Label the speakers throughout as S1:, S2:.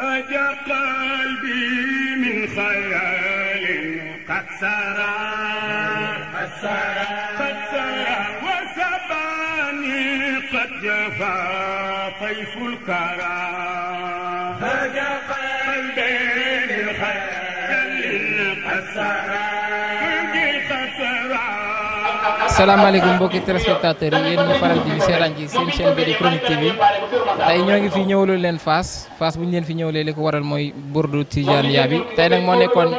S1: أجا قلبي من خيال قد سرى قد سرى قد سرى وسباني قد جفا طيف الكرام salaamaaleykum mbokki
S2: téléspectateurs yi yéen ñu faral di ñu ci seen chaîne bi di Chronique TV tey ñoo ngi fi ñëwaloo leen Fass Fass bu ñu leen fi ñëwalee li ko waral mooy Bordeaux Tidiane bi tey nag moo nekkoon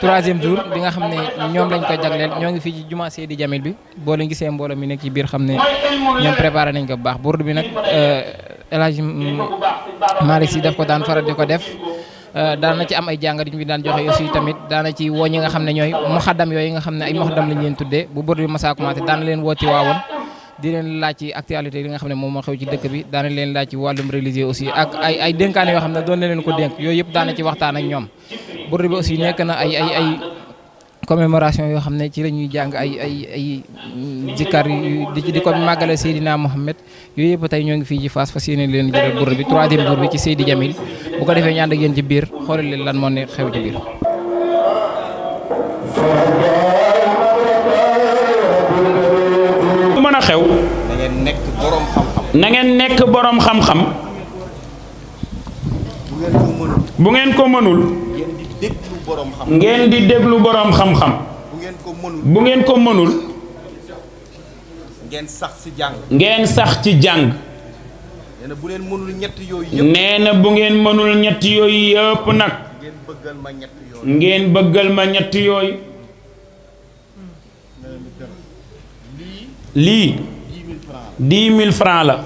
S2: troisième jour bi nga xam ne ñoom lañ ko jagleel ñoo ngi fii ci jumaa Seydi Jamil bi boo leen gisee mbooloo mi nekk ci biir xam ne ñoom préparé nañ ko bu baax Bordeaux bi nag euh, El Hadj Malick Sy ko daan faral di ko def. Euh, daana ci am ay jàngat yu ñu daan joxe aussi tamit daana ci woo nga xam ne ñooy muxadam yooyu nga xam ne ay muxadam lañ leen tuddee bu bër bi masaa daana leen woo waawoon di leen laaj ci actualité yi nga xam ne moom moo xew ci dëkk bi daana leen laaj ci wàllum religieux aussi ak ay ay yoo xam ne doon leen ko dénk yooyu yëpp daana ci waxtaan ak ñoom bër bi aussi nekk na ay commémoration yo xamné ci lañuy jang ay ay ay jikkar di ci di ko màggale sayidina mohammed yooyu yëpp tey ñoo ngi fii ci Fass fas yéene leen jëlal bur bi 3e bur bi ci Seydi Jamil bu ko defé ñand ak yeen ci bir xolal leen lan mo ne xew ci bir
S3: du mëna xew. na ngeen nek borom xam-xam. na ngeen nek borom xam-xam. bu ngeen ko mënul
S4: déglu ngeen di déglu
S3: borom xam-xam bu ngeen ko mënul bu
S1: ngeen sax
S5: ci jàng
S3: ngeen sax ci jàng nee bu ngeen mënul ñett yooyu yëpp nag ngeen bëggal ma ñett yooyu francs la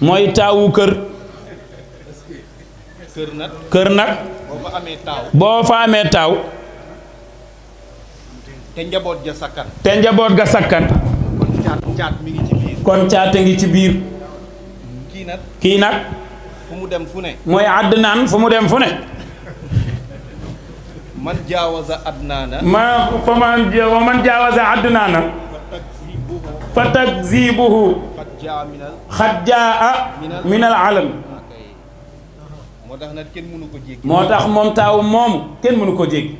S5: mooy taawu kër kër nag kër nag boo fa amee taaw te njaboot ga sakkan njaboot ga sakkan
S3: kon caate ngi ci biir kii nag fu mu dem fu fu mu dem fu ne man jaawaza àddinaana ma fa man wa xat jaa a minal alam
S5: moo tax nag kenn mënu ko jéggi. moo tax
S3: moom taawu moomu kenn mënu ko jéggi.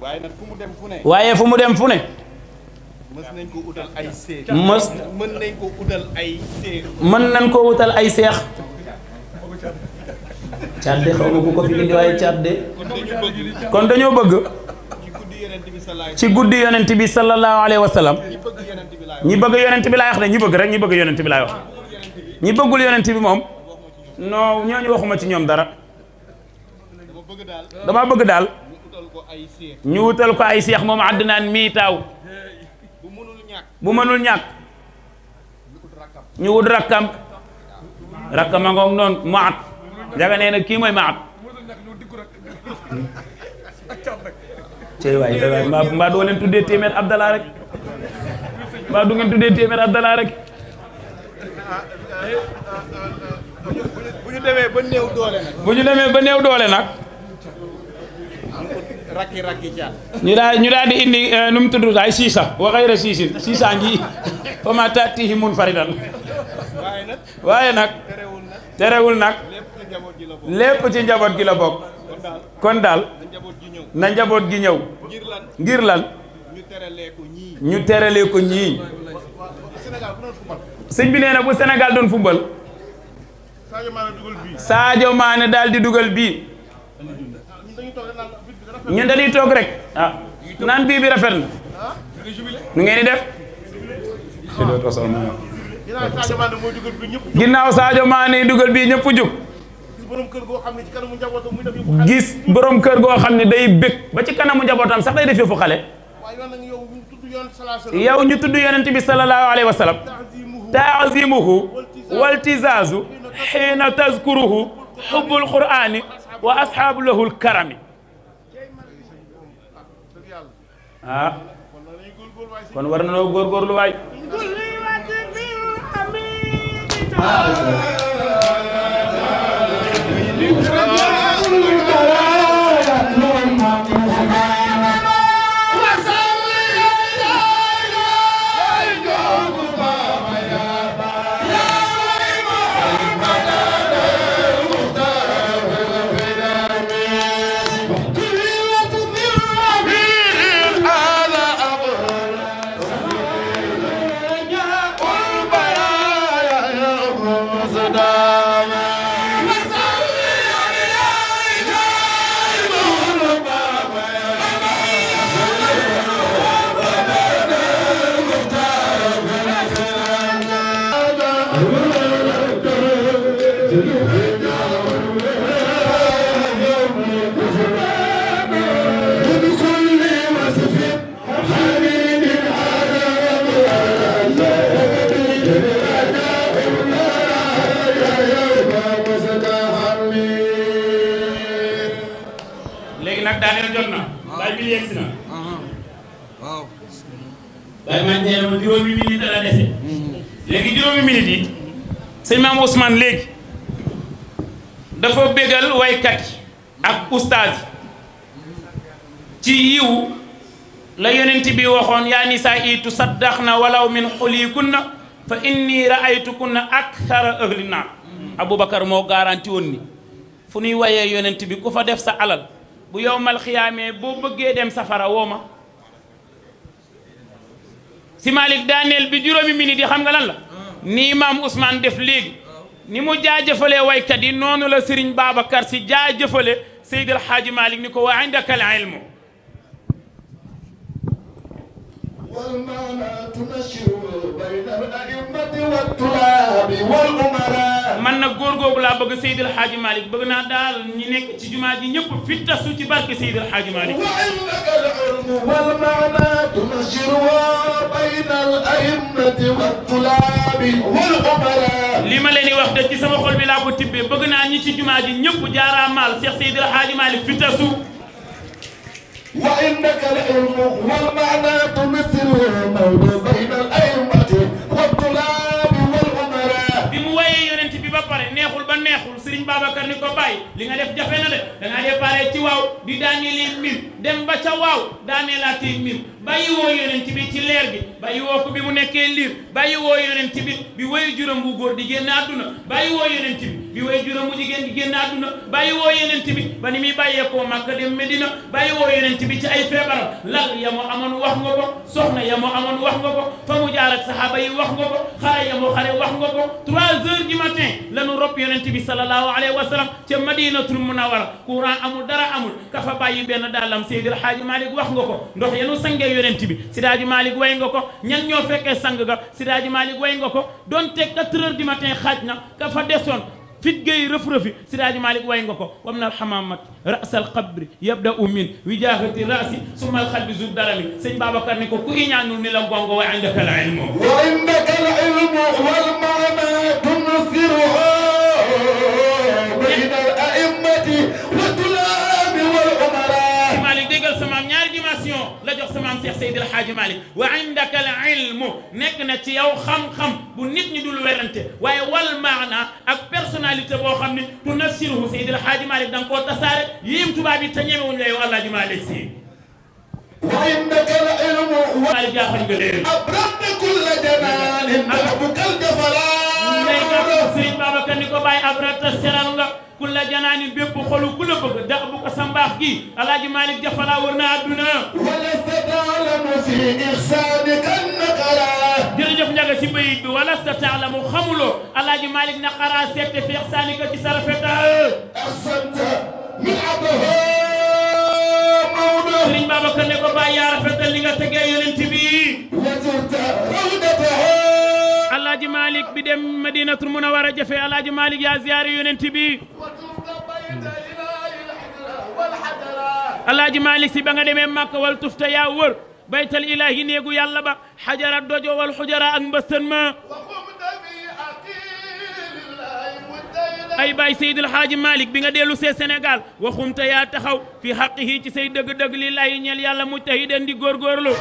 S5: waaye nag fu mu dem fu ne. waaye fu mu dem fu ne. mës nañ ko
S3: utal ay seex. mës mën nañ ko utal ay seex. mën nañ ko ay seex. caat de xaw ma ku ko fi indi waaye caat de. kon dañoo bëgg. ci guddi yonent bi sallallahu alayhi wa sallam. ñi bëgg yonent bi laa wax de ñi bëgg rek ñi bëgg yonent bi laay wax. ñi bëggul yonent bi moom. no ñooñu waxuma ci ñoom dara dama bëgg daal ñu wutal ko ay seex moom àddinaan mii taaw bu mënul ñàkk ñu wut rakkam rakkam ngoog noonu maat njaga nee na kii mooy maat mbaa mbaa tuddee téeméer abdalaa rek mbaa du abdalaa rek
S5: demee ba néew
S3: ñu demee ba néew doole nag.
S5: rakki rakki caat.
S3: ñu daal ñu daal di indi euh, nu mu tudd ay siisa wa xayra siisin siisaa ngi fa ma taatihi mun waaye nag waaye nag terewul nag lépp ci njaboot gi la bokk. kon daal na njaboot gi ñëw. ngir lan ñu teralee ko ñii. sëñ bi bu Sénégal doon football. Sadio Mané dal di dugal bi ñu dañuy tok rek ah, nan bi bi rafet na nu ngeen di def
S5: ginaaw Sadio Mané
S3: dugal bi ñepp juk gis borom kër go xamni day bekk ba ci kanamu njabootam sax day def fu xale yow ñu tuddu yonent bi sallallahu alaihi wasallam ta'zimuhu taazimuhu حين تذكره حب القرآن وأصحاب له الكرم ها كون ورنا لو غور غور لو واي سيمام عثمان ليك دافا بيغال واي كات اك استاذ تي يو لا يوننتي بي واخون يا نساء تصدقنا ولو من حليكن فاني رايتكن اكثر اهل النار ابو بكر مو غارانتي وني فني وايي يوننتي بي كوفا ديف سا علال بو يوم القيامه بو بوغي ديم سفرا ووما سي مالك دانيال بي جيرومي مينيت خمغا لان لا ni imam Ousmane def léegi ni mu way kat yi nonu la Serigne Babacar si sayyid al Hadji malik ni ko wa indaka al ilmu man nag góor googu laa bëgg Seydil Hadji Malick bëgg naa daal ñi nekk ci jumaa ji ñëpp fi tasu ci barke Seydil Hadji Malick
S6: li ma leen di wax
S3: de ci sama xol bi laa ko tibbee bëgg naa ñi ci jumaa ji ñëpp jaaraamaal Cheikh Seydil Hadji Malick fi tasu وإنك لعلم والمعنى تمثل الموت بين الأئمة والضلال neexul ba neexul Serigne Babacar ni ko bàyyi li nga def jafe na de da ngaa déparé ci waaw di daaneeli mbir dem ba ca waaw daaneelaatee mbir bàyyi woo yonent bi ci leer bi bàyyi woo ko bi mu nekkee liir bàyyi woo yonent bi bi woy juróom bu góor di génn àdduna bàyyi woo yonent bi bi woy juróom bu jigéen di génn àdduna bàyyi woo yonent bi ba ni muy bàyyeekoo Màkka dem Medina bàyyi woo yonent bi ci ay feebaram lal ya mu amoon wax nga ko soxna ya mu amoon wax nga ko fa mu jaar ak saxaaba yi wax nga ko xare ya mu xare ko trois heures du matin topp yonent bi sallallahu alayhi wa sallam ci madinatul munawara quran amul dara amul kafa bàyyi ben dalam sayyidul xaaji malik wax nga ko ndox yenu sangee yonent bi sidaaji malik way nga ko ñan ñoo fekke sang ga sidaaji malik way nga ko donte 4h du matin xajna na kafa deson fit géey rëf-rëfi sidaaji malik way nga ko wamna na alxamamat ras qabr yabda min wijahati rasi summa alxalbi zub darami sëñ babacar ni ko ku iñaanul ni la gongo way andaka al ilmu
S6: wa indaka al ilmu wal maana tunsiruha
S3: لا جو سمان شيخ سيد الحاج مالك وعندك العلم نكنا تي يو خم خم بو نيت ني دول ورانتي واي وال معنى اك بيرسوناليتي بو خامي تنسره سيد الحاج مالك دان كو تسار ييم توبا بي تنيمي وون لاي والله جمال سي وعندك العلم وعندك العلم ابرد كل جمال ابو
S6: كل جفلان
S3: سيد بابا كان باي ابرد سيران كل جنان بيبو خلو كل بغ دابو قسم باخي الله مالك جفلا ورنا عبدنا ولست تعلم في إحسانك النقرة جرجف نجا سيبي ولست تعلم خملو الله مالك نقرة سيبت في إحسانك تسرفتا أحسنت من عبده مولو رين بابا كنكو بايا رفتا لنجا تجايا لنتبي وزرت مولو alaaji malik bi dem madinatul munawara jafe alaaji malik yaa ziyaare yonent bi alaaji malik si ba nga demee màkka wal tufta yaa wër baytal ilahi néegu yàlla ba xajara dojo wal xujara ak mbëstan ma
S6: ay baay seydil
S3: xaaji malik bi nga dellu see sénégal waxumta yaa taxaw fi xaqihi ci say dëgg-dëgg li lay ñeel yàlla mujtahidan di góorgóorlu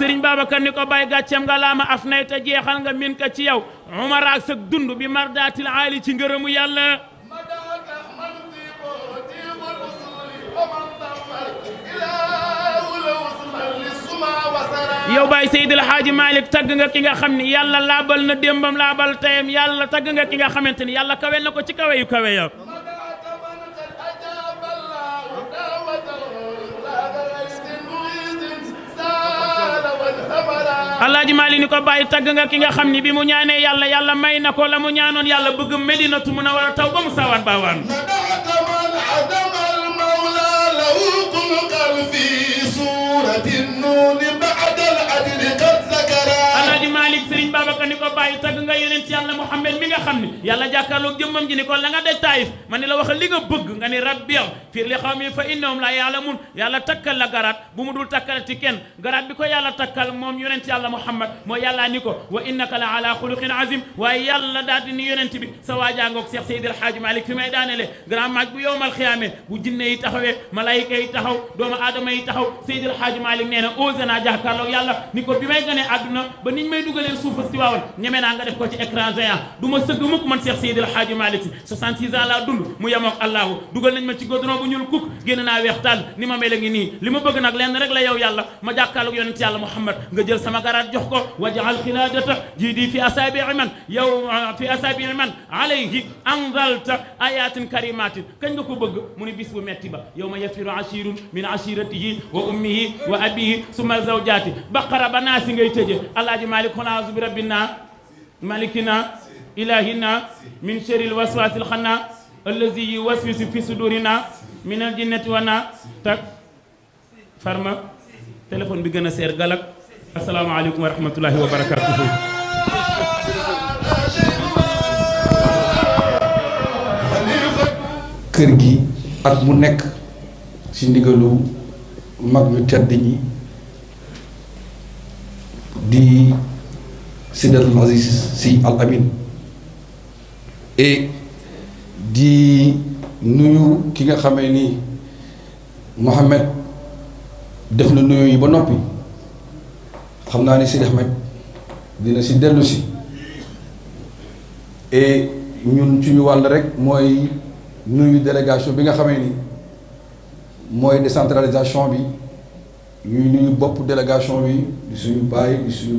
S3: sëriñ Babacar ni ko bay gàccem nga laama jeexal nga min ka ci yow umara ak sag dund bi mardaatil aali ci ngërëmu yàlla yow Baye Seydi El Hadji Malick tagg nga ki nga xam ni yàlla laabal na dembam laabal tayam yàlla tagg nga ki nga xamante ni yàlla kawe na ko ci kawe yu alaaji maali ni ko bàyyi tag nga ki nga xamni bi mu ñaanee yàlla yàlla may nako la mu ñaanon yàlla bëgg medinatu mun a war a taw ba mu sawaan baawaan alaaji mali sëñ Babacar ni ko bàyyi tagg nga yonent yàlla Muhammad mi nga xam ne yàlla jàkkaarloog jëmmam ji ni ko la nga de taayif ma ni la wax li nga bëgg nga ni rabbi yow fiir li xaw mi fa innahum la yaalamun yàlla takkal la garaat bu mu dul takkal ci kenn garaat bi ko yàlla takkal moom yonent yàlla Muhammad moo yàllaa ni wa innaka la ala xuluqin azim waaye yàlla daal di ni yonent bi sa waajaangoog Cheikh Seydi El Hadji fi may daanele grand maaj bu yowmal xiyaame bu jinne na ose naa jàkkaarloog yàlla ni ko bi may gane àdduna ba fas ci waawoon ñeme naa nga def ko ci écran géant du ma sëgg mukk man Cheikh Seydil Hadji Malick si 66 ans laa dund mu yemook allahu dugal nañ ma ci godron bu ñuul kukk génn naa weex tàll ni ma mel ngi li ma bëgg nag lenn la yow yàlla ma jàkkaarloog yonent yàlla Muhammad nga jël sama garaat jox ko wajaal xilaadata jiidi fi asaabii man yow ah, fi asaabii man alayhi anzalta ayatin karimatin kañ nga ko bëgg mu ni bis bu metti ba yow ma yafiru ashirun min ashiratihi wa ummihi wa abihi summa zawjaati ربنا ملكنا إلهنا من شر الوسواس الخنا الذي يوسوس في صدورنا من الجنة وانا تك فرما تلفون بيغنا سير جالك السلام عليكم ورحمة الله وبركاته
S7: kër gi at mu nekk ci ndigalu mag ñu ñi di de Aziz Si Al Amin et di nuyu ki nga xamé ni Mohamed def na nuyu yi ba nopi xamna ni Sidi Ahmed dina ci delu ci et ñun ci ñu wal rek moy nuyu délégation bi nga xamé ni moy décentralisation bi ñuy nuyu nous délégation bi suñu baye suñu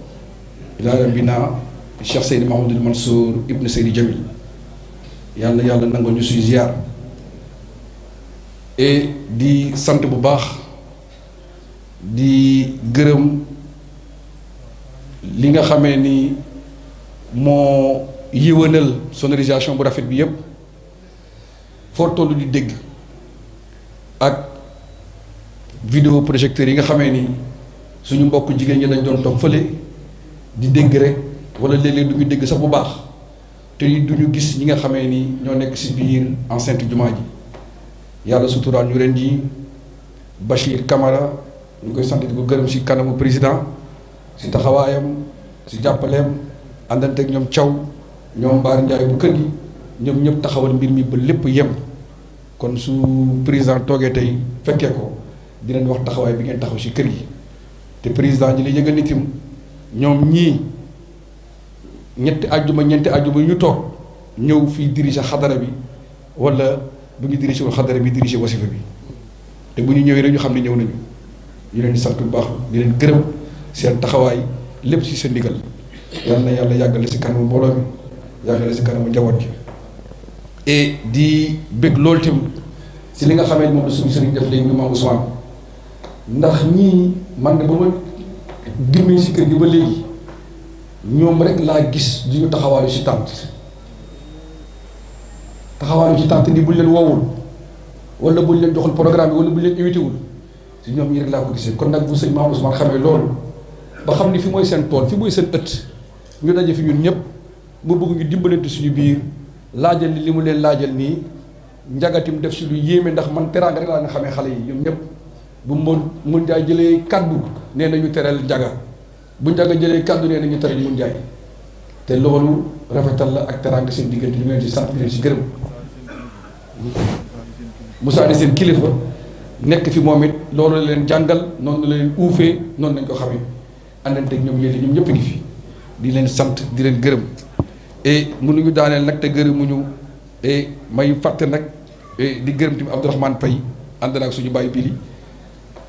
S7: ilaa rabbina Cheikh Seydi Mahamadul Mansour ibn Seydi Jamil yàlla yàlla nangoo ñu suy ziar et di sant bu baax di gërëm li nga xamee ni moo yëwanal sonorisation bu rafet bi yépp foo tollu di dégg ak vidéo projecteur yi nga xamee ni suñu mbokk jigéen ñi lañ doon toog fële di dégg rek wala léeg-léeg du ñu dégg sax bu baax te du ñu gis ñi nga xamee ni ñoo nekk si biir enceinte jumaa ji yàlla suturaal ñu ren ji Bachir Camara ñu koy sant di ko gërëm si kanamu président si taxawaayam si jàppaleem àndante ak ñoom caw ñoom Mbaar Ndiaye bu kër gi ñoom ñëpp taxawal mbir mi ba lépp yem kon su président toogee tey fekkee ko dinañ wax taxawaay bi ngeen taxaw si kër yi te président ji li yëgal nitim ñoom ñii ñetti àjjuma ñeenti àjjuma ñu toog ñëw fii diriger xadara bi wala bu ñu diriger wul xadara bi diriger wasifa bi te bu ñu ñëwee rek ñu xam ne ñëw nañu ñu leen di sant bu baax di leen gërëm seen taxawaay lépp ci seen ndigal yal na yàlla yàggale si kanamu mbooloo mi yàggale ci kanamu njaboot ji et di bëgg loolu itam si li nga xamee moom su suñu sëriñ def léegi ñu maam ndax ñii man de ba ma bi muy si kër gi ba léegi ñoom rek laa gis du ñu taxawaayu si tànt taxawaayu ci tànt ni buñ leen woowul wala buñ leen joxul programme bi wala buñ leen invité si ñoom ñi rek laa ko gisee kon nag bu sëñ Maam Ousmane xamee loolu ba xam ni fi mooy seen tool fi mooy seen ëtt ñu daje fi ñun ñëpp mu bëgg ñu dimbalante suñu biir laajal ni li mu leen laajal nii njagatim def si lu yéeme ndax man teraanga rek laa nga xamee xale yi ñoom ñëpp bu mu mën jëlee kàddu nee ñu teral jaga bu njaga jëlee kàddu nee ñu teral mun jaay te loolu rafetal la ak teraanga seen diggante ñu leen ci sant leen ci gërëm
S8: Moussa di seen kilifa
S7: nekk fi moom it loolu la leen jàngal noonu la leen uufee noonu lañ ko xamee àndanteeg ñoom yéen ñoom ñëpp ngi fi di leen sant di leen gërëm et mënuñu daaneel nag te gërëmuñu et may fàtte nag di gërëm tamit Abdourahmane Pay ànd naag suñu bàyyi bili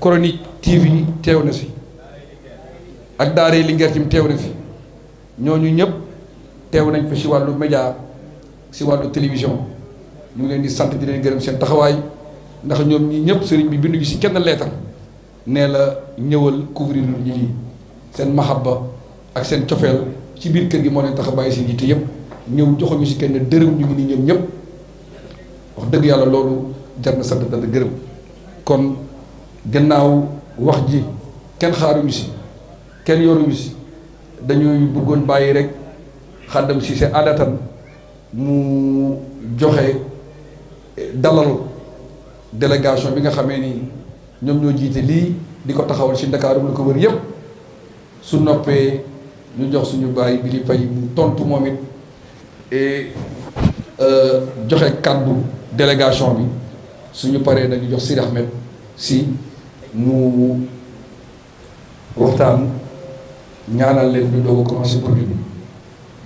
S7: chronique TV teew na si ak daaree Linguère ci teew na fi ñooñu ñëpp teew nañ fa si wàllu média si wàllu télévision ñu ngi leen di sant di leen gërëm seen taxawaay ndax ñoom ñi ñëpp sëriñ bi bindu ñu si kenn leetar nee la ñëwal couvrir lu ñu lii seen mahabba ak seen cofeel ci biir kër gi moo leen tax a bàyyi seen yitte yëpp ñëw joxuñu si kenn dërëm ñu ngi nii ñoom ñëpp wax dëgg yàlla loolu jar na sant dana gërëm kon. gannaaw wax ji kenn xaaruñu si kenn yoruñu si dañuy bëggoon bàyyi rek xàddam si c'est aadatan mu joxe dalal délégation bi nga xamee ni ñoom ñoo jiite lii di ko taxawal si Ndakaaru lu ko wër yépp su noppee ñu jox suñu bàyyi bi li fay mu tontu moom it et euh, joxe kàddu délégation bi suñu paree dañu jox Sidi Ahmed si nu waxtaan ñaanal leen ñu doog a commencé burdu bi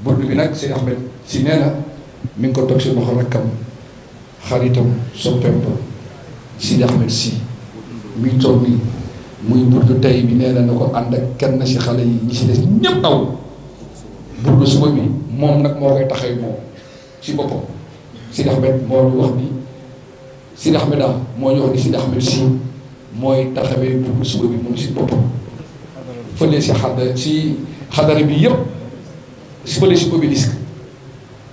S7: burdu bi nag si Ahmed si nee na mi ngi ko toog si loxo rakkam xaritam soppeem ba Sidi Ahmed si mi toog nii muy burdu tey bi nee na na ko ànd ak kenn si xale yi ñi si des ñëpp aw burdu suba bi moom nag moo koy taxay moom si boppam Sidi Ahmed moo ñu wax ni Sidi Ahmed moo ñu wax ni Sidi Ahmed si mooy taxawee bugg suba bi moom si boppam fële si xadda si xadara bi yëpp si fële si obélisque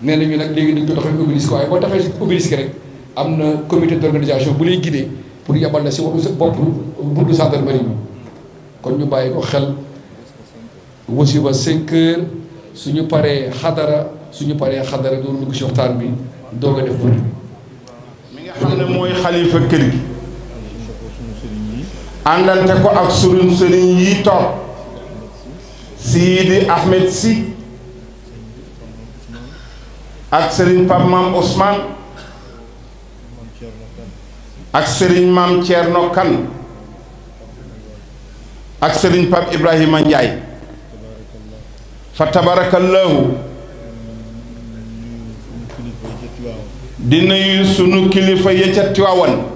S7: nee nañu nag léegi dañ ko taxawee obélisque waaye boo taxawee si obélisque rek am na comité d'organisation bu lay guider pour yabal na si bopp buntu gendarmerie bi kon ñu bàyyi ko xel wasi ba cinq heures suñu paree xadara suñu paree xadara doon dugg si waxtaan bi doog a def bunt bi mi nga xam ne mooy xalifa kër gi
S5: àndante ko ak sunu sëriñ yi toog Sidi Ahmed Sy ak sëriñ Pape Mame Ousmane ak sëriñ Mame Thierno Kane ak sëriñ Pape Ibrahima Ndiaye fa tabarakallahu di nuyu sunu kilifa yi ca Tiwaawan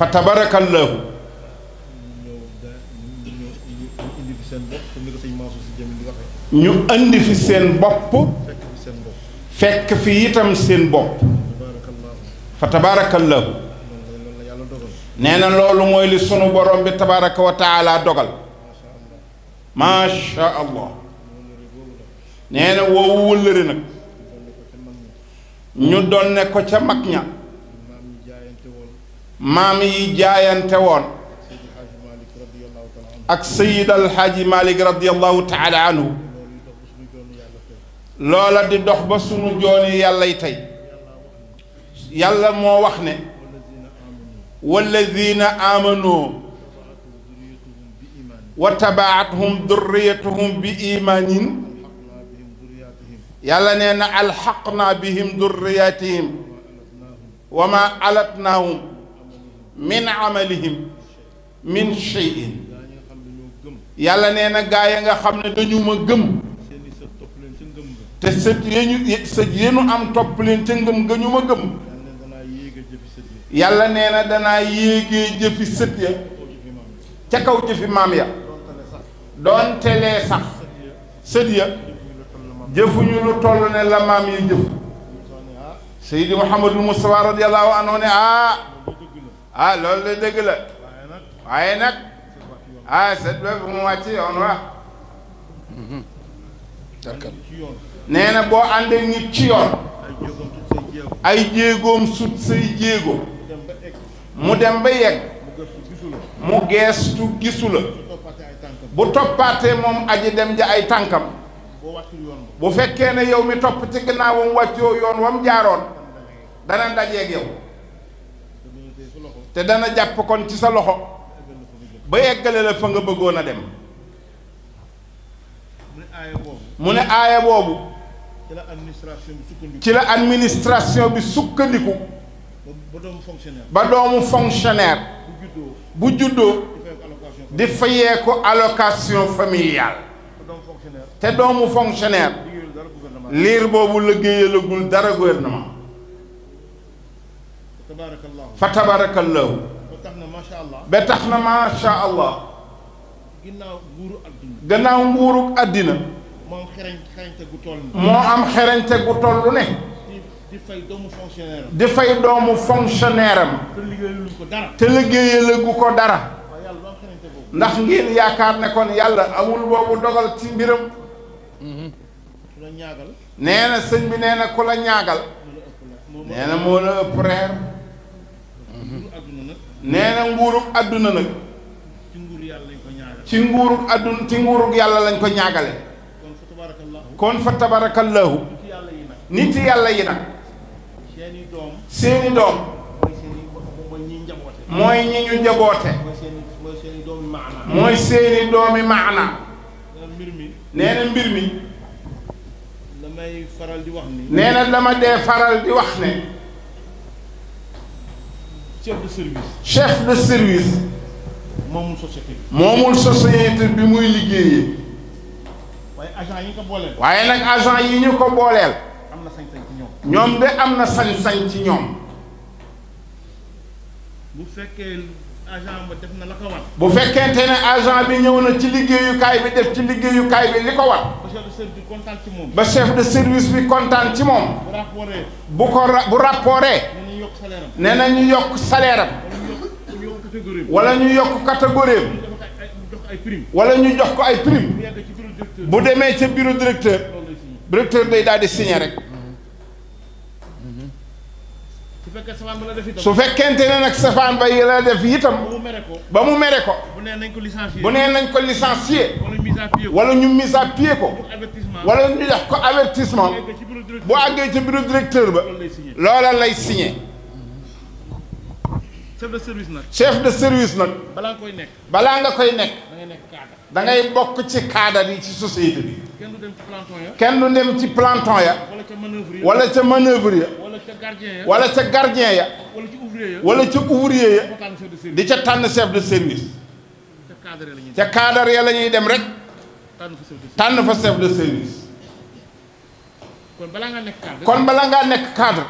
S5: fa tabarakallahu ñu indi fi seen bopp fekk fi itam seen bopp fa tabarakallahu nee na loolu mooy li sunu borom bi tabaraka wa taala dogal macha allah nee na woowu wëllëre nag ñu doon ne ko ca mag ña maam yi jaayante woon ak sayid alxaaji malik radiallahu taala anhu loola di dox ba sunu jooni yàllay tey yàlla moo wax ne walladina amanu wa tabaatuhum durriyatuhum bi imaanin yàlla nee na alxaqnaa bihim durriyatihim wa ma alatnaahum min amalihim min cheyin yàlla nee na gaa ya nga xam ne dañu ma gëm te sët yañu sët yenu am topp leen ca ngëm ga ñu ma gëm yàlla nee na danaa yéegee jëfi sët ya ca kaw jëfi maam ya doon telee sax sët ya jëfuñu lu toll ne la maam yi jëf Seydi Mouhamadul Moustapha radiyallahu anhu ne ah a ah, loolu de dëgg waaye nag ah set ba bu mu wàcc yoon wa nee na boo ànd ak nit ci yoon ay jéegoom sut say jéego mu dem ba yegg mu geestu gisu bu toppaatee moom aji dem ja ay tànkam bu fekkee ne yow mi topp naa ginnaawam wàccoo yoon wam jaaroon dana ndajeeg yow te dana japp kon ci sa loxo ba eggale la fa nga bëggoon a dem mu ne aaya boobu ci la administration bi sukkandiku ba doomu fonctionnaire bu juddoo di fayee ko allocation familiale te doomu fonctionnaire liir boobu liggéeyalagul dara gouvernement fa tabarakallahu ba tax na macha allah ba tax na macha allah. gannaaw nguuru addina. gannaaw nguuru addina. moo am xereñte gu toll ne. moo am xereñte gu toll ne. di fay doomu fonctionnaire am. di fay doomu fonctionnaire am. te liggéeyalagu ko dara. te liggéeyalagu ko dara. ndax ngeen yaakaar ne kon yàlla amul boobu dogal ci mbiram. ku la ñaagal. nee na sëñ bi nee na ku la ñaagal. nee na moo la ëpp reer. nee nguuru nguurug àdduna nag ci nguurug yàlla lañ ko ñaagale àdduna ci nguurug yàlla lañ ko ñaagale kon fa tabarakallahu nit yàlla yi nag seeni doom seeni doom mooy ñi ñu njaboote mooy seeni
S7: doomi maana mooy seeni
S5: doomi maana nee mbir mi nee na dama dee faral di wax ne chef de service. chef de service. moomul société bi. société bi muy liggéeyee. waaye agent yi ko booleel. waaye nag agent yi ñu ko bolel amna sañ-sañ ci ñom ñom de amna sañ-sañ ci ñom bu fekkee agent ba def na la ko war. bu fekkente ne agent bi ñëw na ci yu kay bi def ci liggéeyukaay yu kay bi liko wat ba chef de service bi kontaan ci mom bu rapporté bu ko bu rapporté. nee na ñu yokk salaire am wala ñu yokk catégorie am wala ñu jox ko ay prime bu demee ci bureau directeur directeur day daal di signé rek su fekkente ne nag safaan ba yi la def itam ba mu mere ko bu nee nañ ko licencier wala ñu mise à pied ko wala ñu def ko avertissement bu àggee ca bureau directeur ba loola lay signé chef de service nag. chef de service nag. balaa nga koy nekk. balaa nga koy nekk. da ngay nekk cadre. da ngay bokk ci cadre yi ci société bi. kenn dem ci planton ya. kenn du dem ci planton ya. wala ca manœuvre ya. wala ca manœuvre ya. wala ca gardien ya. wala ca gardien ya. wala ca ouvrier wala ca ouvrier ya. di ca tànn chef de service. ca cadre ya la ñuy dem rek. tànn fa chef de service. kon balaa ngaa nekk cadre. kon balaa ngaa nekk cadre.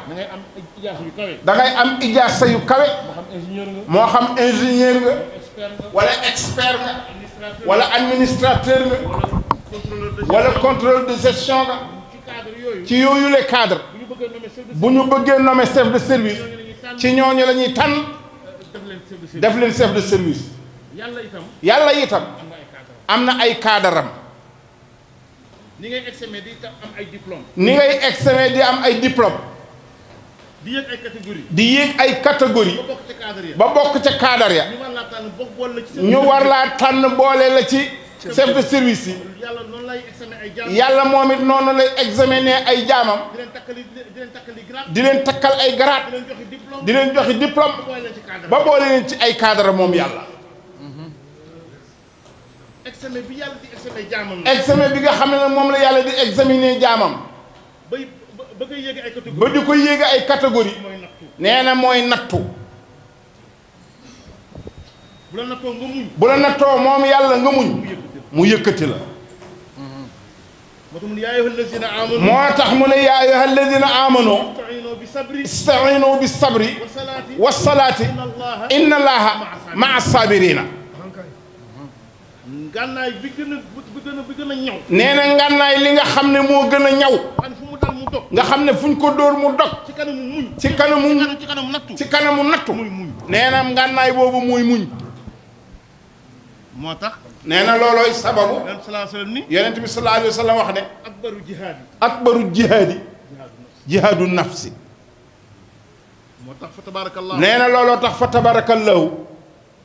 S5: da ngay am ijaasa yu kawe. da ngay am ijaasa yu moo xam ingénieur nga. moo xam ingénieur nga. wala expert nga. wala administrateur nga. wala contrôle de gestion nga. ci yooyu le cadre. bu ñu bëggee nommer chef de service. ci ñooñu la ñuy tànn. def leen chef de service. yàlla itam. yàlla itam am na ay cadre ni ngay examen di am ay diplôme ni ngay examen di am ay diplôme di yéeg ay catégorie di yéeg ay catégorie ba bokk ca cadre ya ñu war laa tànn boole la ci chef de service yi yàlla moom it noonu lay examiner ay jaamam di leen takkal ay grade di leen joxe diplôme ba boole leen ci ay cadre moom yàlla examen bi yàlla di examen jaamam. examen bi nga xam ne moom la yàlla di examiner jaamam. bay ba koy yéege ay catégories ba di ko yéege ay catégories. nee na mooy nattu. bu la nattoo nga muñ. bu la nattoo moom yàlla nga muñ. mu yëkkati la. moo tax mu ne yaa ayyuhal lazina amanu. moo tax mu ne yaa ayyuhal lazina amanu. ista'iinu bi sabri. wa salaati. inna allaha ma'a sabirina. ngànnaay bi gën a bi gën
S1: a bi gën a ñaw. nee na
S5: ngànnaay li nga xam ne moo gën a ñaw. nga xam ne fu ñu ko dóor mu dog. ci kanamu muñ. ci kanamu ci kanamu nattu. ci kanamu nattu. muy muñ nee na ngànnaay boobu muy muñ. moo tax. nee na loolooy sababu. yonent bi sallallahu alayhi wa sallam wax ne. akbaru jihaadi. akbaru jihaadi. jihaadu nafsi. moo tax fa tabarakallahu. nee na looloo tax fa tabarakallahu.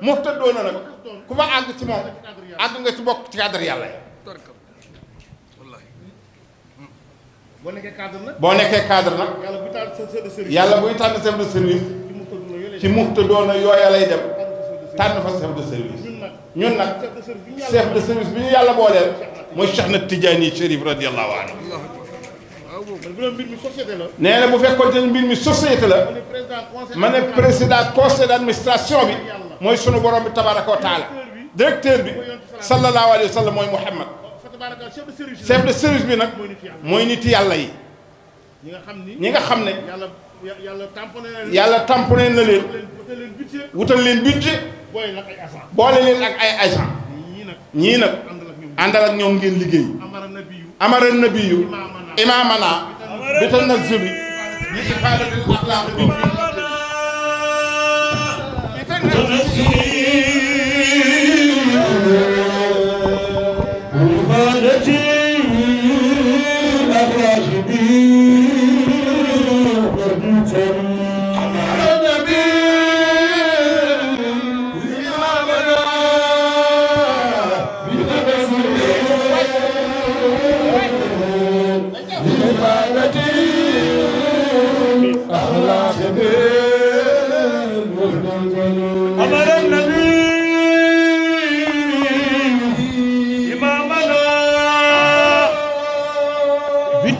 S5: muhtadoo na nag ku fa àgg ci moom àgg nga ci bokk ci cadre yàlla yi boo nekkee cadre nag boo nekkee cadre nag yàlla buy tànn chef de service ci muhtadoo na yooya lay dem tànn fa chef de service ñun nag chef de service bi ñu yàlla booleel mooy Cheikh na Tidiane Chérif radiyallahu anhu nee na bu fekkoon te mbir mi société la ma ne président conseil d'administration bi moy sunu borom bi tabaraka taala directeur bi sallallahu alayhi wasallam moy Muhammad chef de service bi nak moy nit yàlla yi ñi nga xamni ñi nga xamne yàlla tamponé na leen wutal leen budget boole leen ak ay agent ñii nag àndal ak ñoom ngeen liggéey amara nabiyu imaamana bi tanazzubi li ifaadatil axlaaq bi
S1: Todos os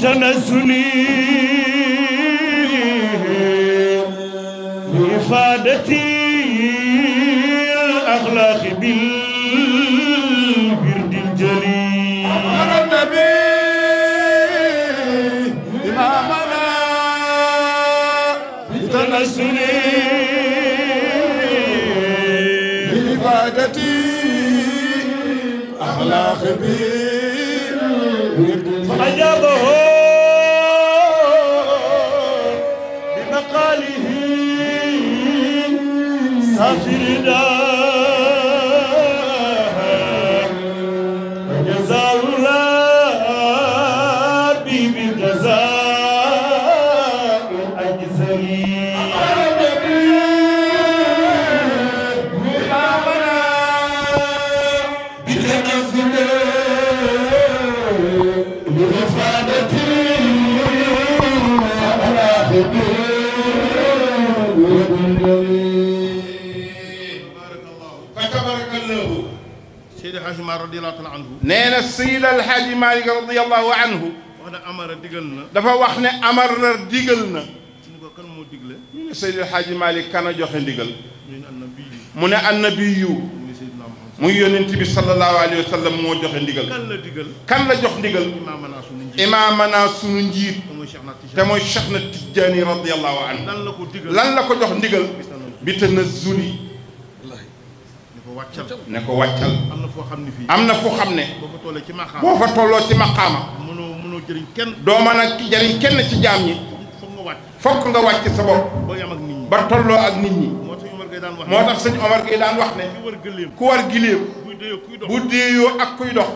S1: تنزلي بإفادتي الأخلاق بالبرد الجليل أمر النبي
S6: إمامنا بتنزلي فأجابه
S5: نينا السيد الحاجي مالك رضي الله عنه دافا واخنا امرنا ديغلنا من السيد الحاج مالك كان جوخي ديغل من النبي من النبي من سيدنا محمد صلى الله عليه وسلم مو جوخي ديغل كان لا جوخ ديغل امامنا سن نجيب تمو شيخنا تجاني رضي الله عنه لان لاكو ديغل لان لاكو جوخ ديغل بتنزلي wàccal ne ko wàccal. am na foo
S7: xam ne fii am na foo xam ne. boo fa tolloo ci maqaama boo
S5: fa tolloo ci maqaama. mënoo mënoo kenn. a jëriñ kenn ci jaam ñi. foog nga wàcc foog nga wàcc sa bopp. ba yam ak nit ñi ba tolloo ak nit ñi. moo tax sëñ Omar Gueye daan wax ne moo tax sëñ Omar Gueye daan wax ne. ku war gileem ku war gileem. bu déeyoo ak kuy dox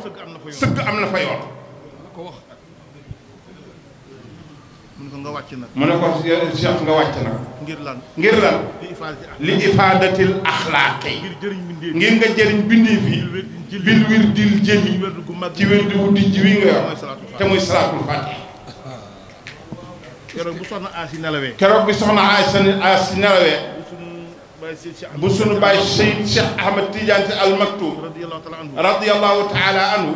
S5: sëgg am na fa yoon. mu ne ko nga wàcc nag. mu ne ko Cheikh nga wàcc nag. ngir lan li ifaadatil axlaaqi ngir nga jëriñ bindee fi. bil wir dil jëli ci wirdu wu dijj wi nga yor te muy salaatul faatiha. keroog bu soxna Asi nelawee. keroog bi soxna Asi Asi nelawee. bu sunu baay Seyd Cheikh Ahmed Tidiane si Al Maktoum radiyallahu taala anhu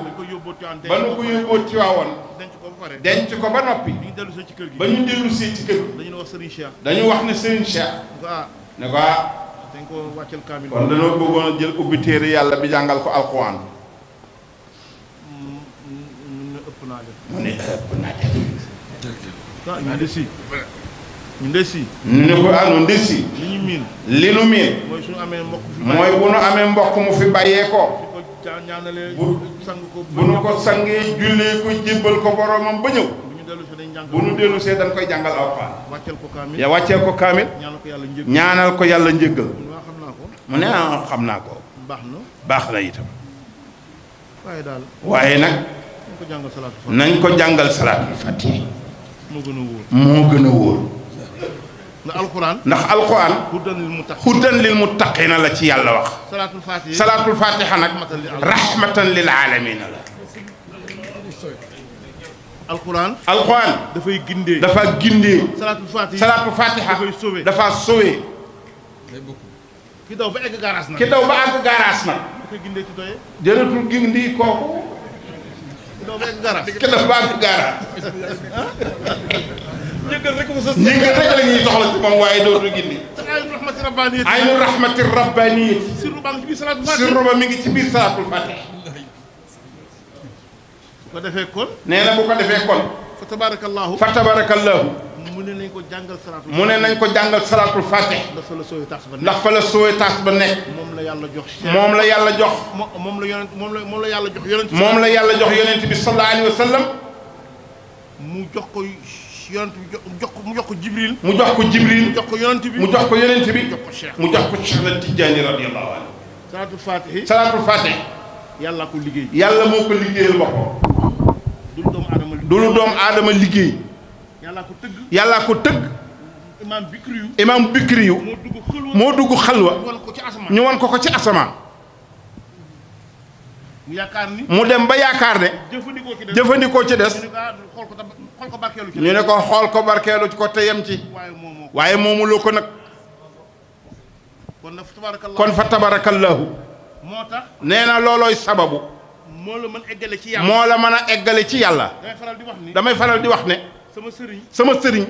S5: ba nu ko yóbboo Tiwaawan denc ko ba noppi ba ñu dellu see ci kër gi dañu wax ne Serigne Cheikh ne ko ah, ah kon dañoo bëggoon a jël ubbi téere yàlla bi jàngal ko alquran mu ne ëpp naa def ah, ñu ndesi ñu ndesi ñu ne ko ah non ndesi miin. li nu miin. mooy amee mbokk mu bu nu amee mbokk mu fi bàyyee ko. bu bu nu ko sangee jullee ko jébbal ko boromam ba ñëw. bu nu dellu see dañ koy jàngal alxuraan. wàcceel ko kaamil ya wàcceel ko kaamil. ñaanal ko yàlla njëggal. Ah, mu ne ah xam naa ko. baax na baax na itam. waaye daal waaye nag. nañ ko jàngal salaatul fatih. nañ ko jàngal salaatul moo gën a wóor moo gën a wóor. ndax alquran ndax alquran. hudan lil muttaqina la ci yàlla wax. salaatul fatiha salaatul rahmatan lil alamin la. alquran. alquran. dafay gindee dafa gindee. salaatul fatiha salaatul fatiha. dafay sauvé dafa sauvé. ki daw ba egg garage na ki daw ba àgg garage na. ki ci doye. jëlatul gindi kooku. ki daw ba àgg garage. ki daw ba àgg garage. njëgal rek la ñuy soxla ci moom waaye dootul gindi. aynu rahmati rabbaniyat. sirru ba mi ngi ci biir salaatul fatih. bu ko defee kon. nee na bu ko defee kon. fa tabarakallahu. fa tabarakallahu. mu ne nañ ko jàngal salaatul. mu ne nañ ko jàngal salaatul fatih. ndax fa la sooy tax ba nekk. ndax fa la sooy tax ba nekk. moom la yàlla jox. moom la yàlla jox. moom la yonent moom la moom la yàlla jox yonent. moom la yàlla jox yonent bi sallallahu alayhi wa sallam. mu jox ko. yonent bi jox mu jox ko Jibril. mu jox ko Jibril. jox ko yonent bi mu jox ko yonent bi. mu jox ko Cheikh na Tijaani radiyallahu anhu. salaatul faatihi. salaatul faatihi. yàlla ko liggéey. yàlla moo ko liggéeyal boppam. du lu doomu aadama du lu doomu aadama liggéey. yàllaa ko tëgg. yàllaa ko tëgg. imaam bikri yu. imaam bikri yu. moo dugg xalwa moo dugg xalwa. ñu wan ko ko ci asamaan. mu dem ba yaakaar ne jëfandikoo ci des ñu ne ko xool ko barkeelu ci ko te yem ci waaye moomu loo ko nag kon fa tabarakallahu nee na loolooy sababu moo la mën a eggale ci yàlla moo la mën a eggale ci yàlla damay faral di wax ne sama sëriñ sama sëriñ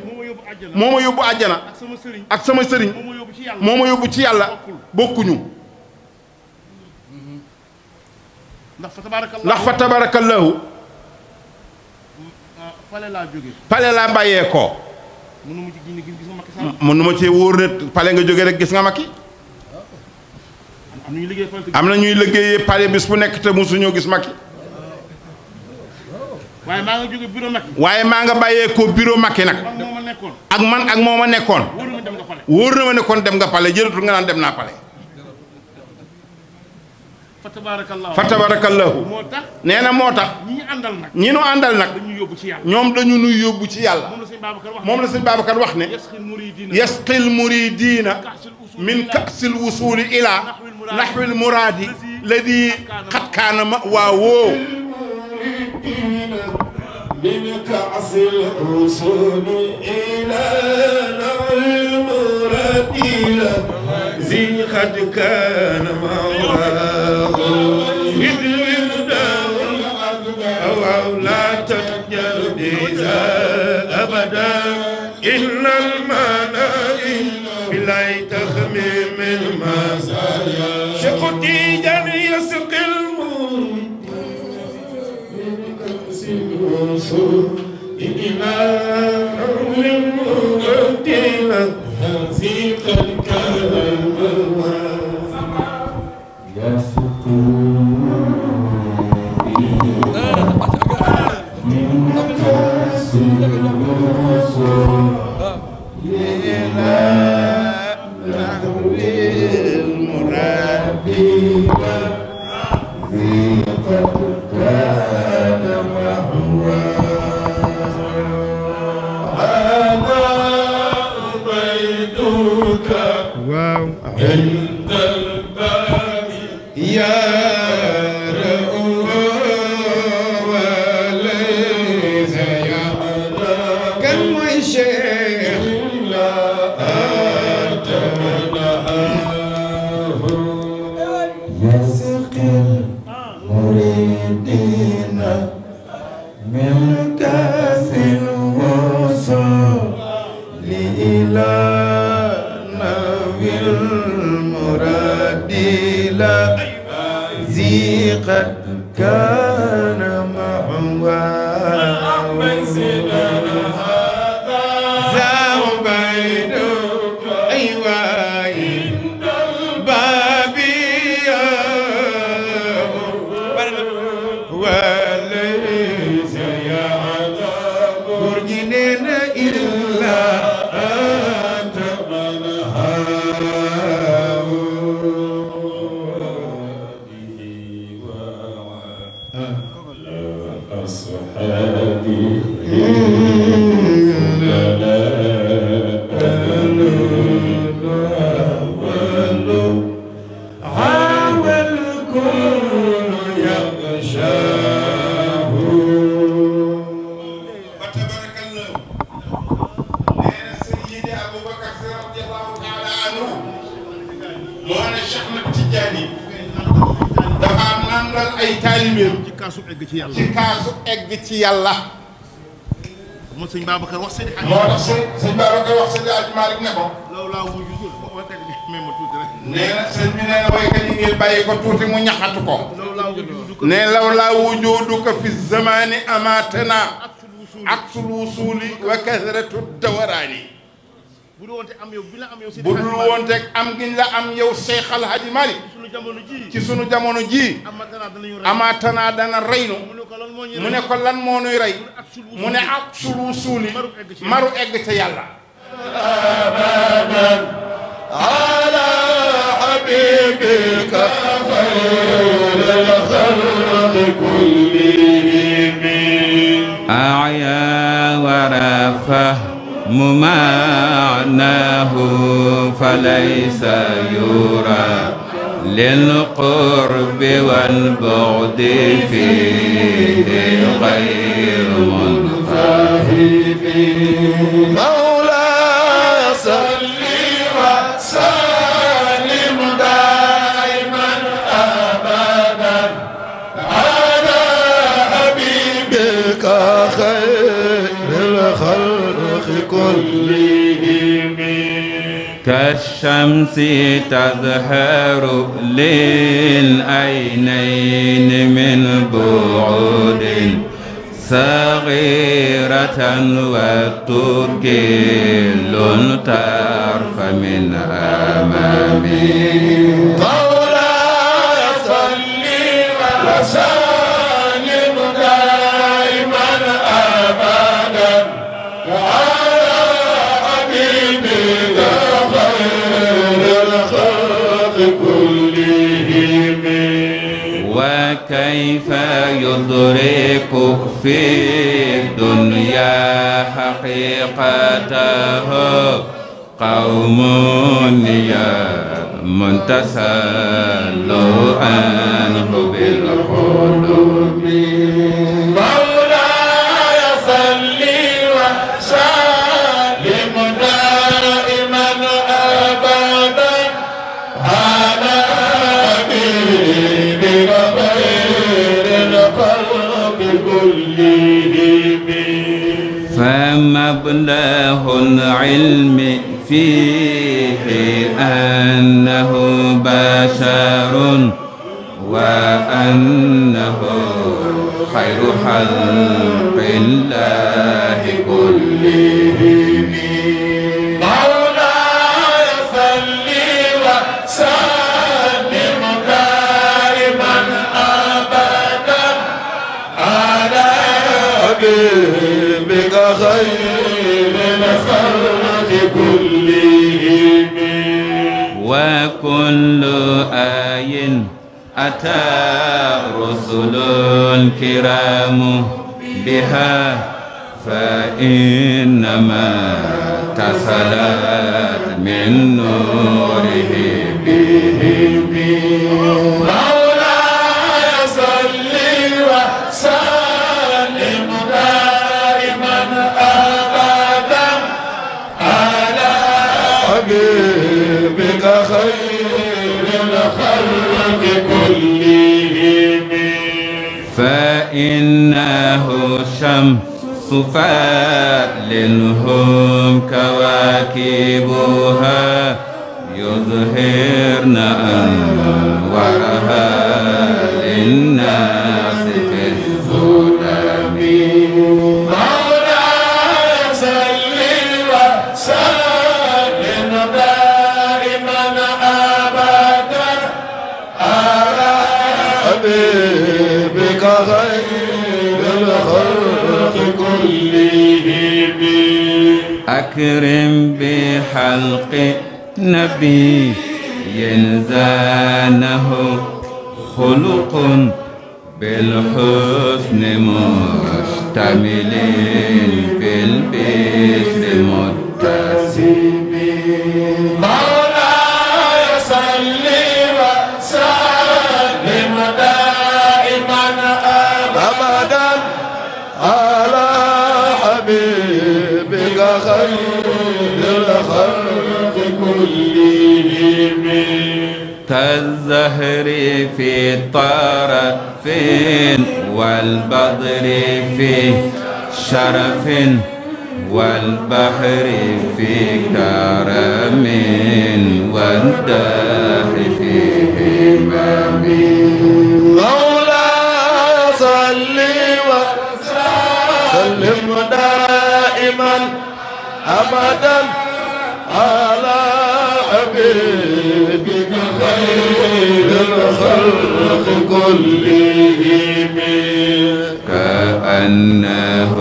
S5: moo ma yóbbu àjjana ak sama sëriñ moo ma yóbbu ci yàlla bokkuñu ndax fa tabaarakallaahu ndax fa tabaarakallaahu pale laa jóge pale laa bàyyee ko mënuma ci gis gis wóor ne pale nga jóge rek gis nga Macky am na ñuy liggéeyee pale bis bu nekk te mosuñoo gis Macky waaye maa nga jóge bureau Macky waaye maa nga bàyyee ko bureau Macky nag ak man ak moo ma nekkoon wóor na ma nekkoon dem nga pale jëlatul nga naan dem naa pale فتبارك الله فتبارك الله موتا نينا موتا ني اندال نك ني نو اندال نك دانيو يوبو سي يالا نيوم دانيو نو يوبو سي يالا موم المريدين من كأس الوصول إلى نحو المراد الذي قد كان
S6: مأواه زي قد كان مولاه إذ ولده أو
S1: لا تنجل بذا
S6: أبدا إن المناء بلا تخمي من مزايا شقتي جن يسقي المور إلى نور قد كان
S5: egg ci yàlla. ci kaasu egg ci yàlla. moom sëñ Babacar wax sëñ. moo tax sëñ sëñ Babacar wax sëñ Aji Malick ne ko. loolu laa wuyu waykat yi may ma tuuti rek. nee na sëñ bi nee na waykat yi ngeen bàyyi ko tuuti mu ñaxatu ko. ne law laa wujuduka fi zamani amaatana. aksul wusuli wa kasratu dawaraani. budul woon te am yow bi la am yow. budul woon te am giñ la am yow Cheikh Al Hadj Malick. ci sunu jamono ji amatana dana reyno muné ko lan mo nuy rey muné ne ak maru egg ci yàlla abadan
S6: ala habibika khayrul khalq
S4: kullihim
S9: أعيا ورفه ممعناه فليس يرى للقرب والبعد
S6: فيه غير منفهم مولاي صل وسلم دائما ابدا على حبيبك خير الخلق كلهم
S9: كالشمس تظهر للعينين من بعد صغيرة وترجل طرف من أمامي
S6: قولا صلي وسلم
S9: يدرك في الدنيا حقيقته قوم يا منتسل عنه
S6: بالقلوب
S9: العلم فيه أنه بشر وأنه خير خلق الله كله أتى رسل الكرام بها فإنما تسلت من نوره
S4: بهم
S9: إنه شمس فألهم كواكبها يظهرن أنوارها للناس في أكرم بحلق نبي ينزانه خلق بالحسن مشتمل بالبيت
S6: متسمين
S9: والدهر في طرف والبدر في شرف والبحر في كرم والدهر
S6: في همم مولا صل وسلم دائما ابدا على حبيبي
S4: الخلق كلهم
S9: كأنه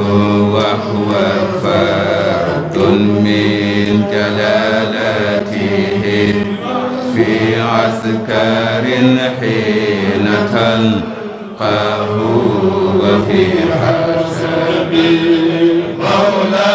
S9: وهو فرد من جلالته في عسكر حين تلقاه
S6: وفي حسبه مولاه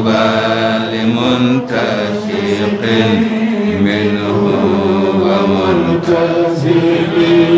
S9: طوبى لمنتشق منه
S6: ومنتزب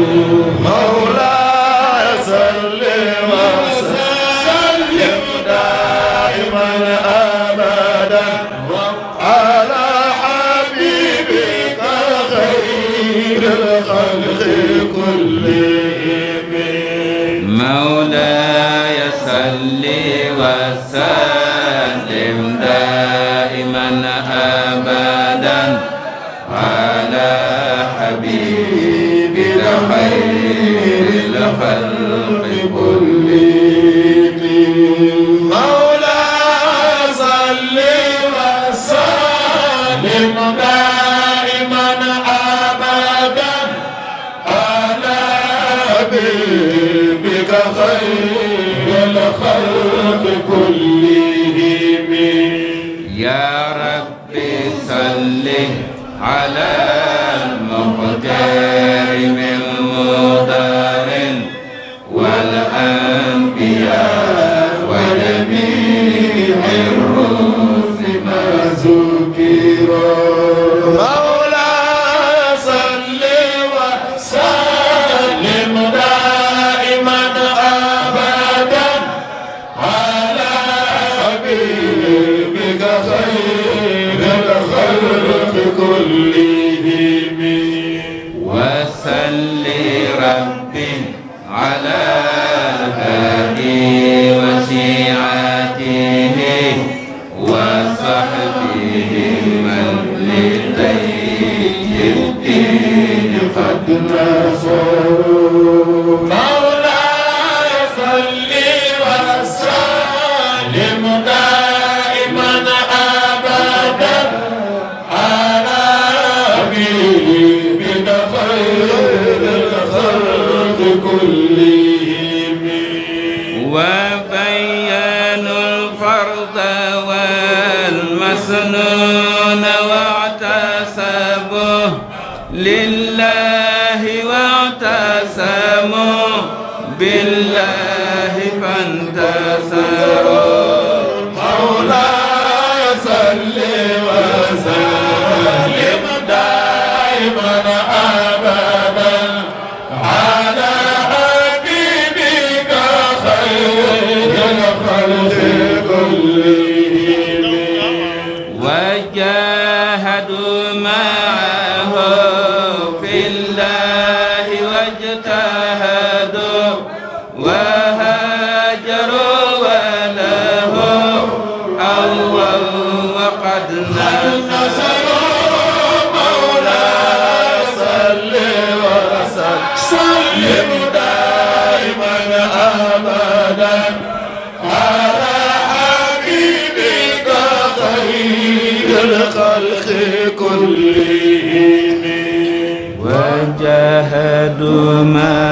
S9: ما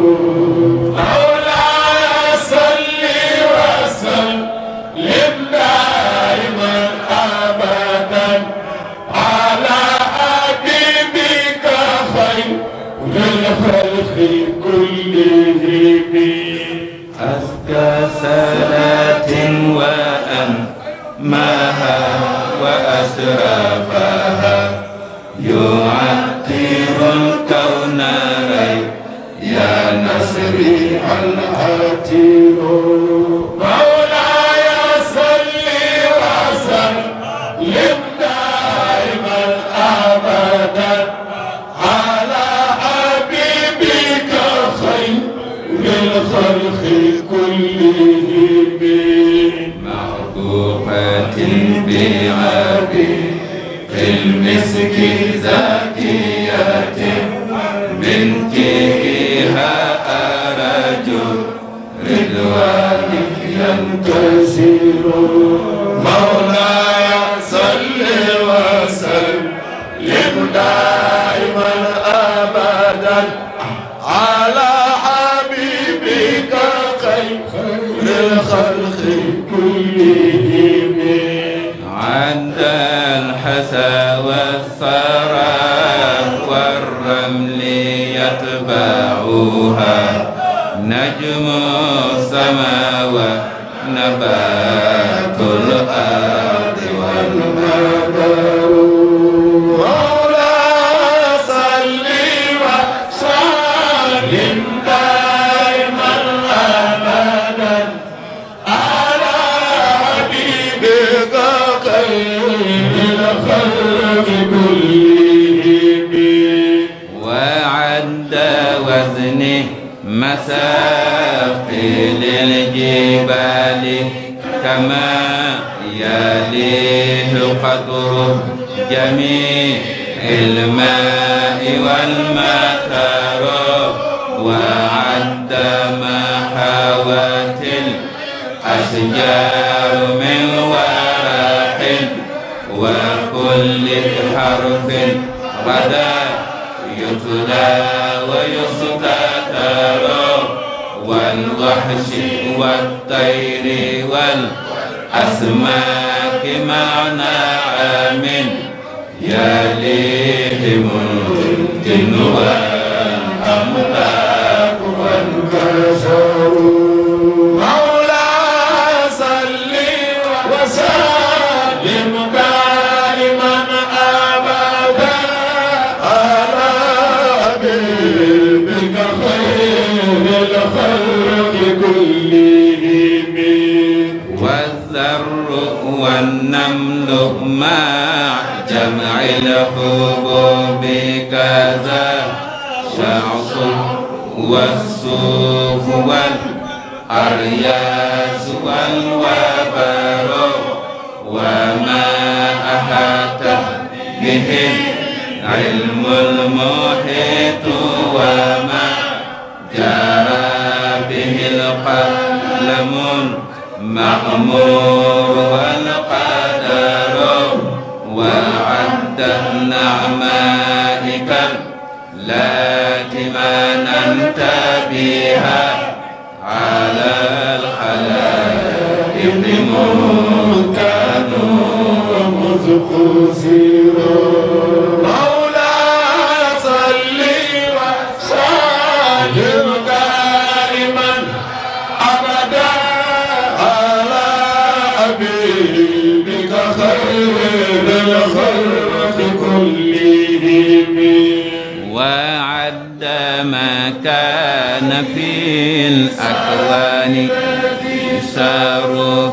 S9: وأسرافها يعطر الكون ري
S6: يا نصري العتير
S9: لأبي في
S4: المسك زكية
S9: منك إيها
S6: أرجو رضواني ينطق
S9: نجم السماوات نبات ساقي للجبال كما يليه قدر جميع الماء والمطر وعد ما حوت الأشجار من ورق وكل حرف غدا يتلى ويصلى والوحش والطير والأسماك مع نعم يليه ممكن والأملاك
S6: والبشر
S9: الحب بكذا شعص والسوف والأرياس والوبر وما أحاط به علم المحيط وما جرى به القلم مأمور أنت بها على
S6: الخلائق ملكا ومذ خسرا
S9: الأكوان ساروا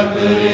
S6: Shakti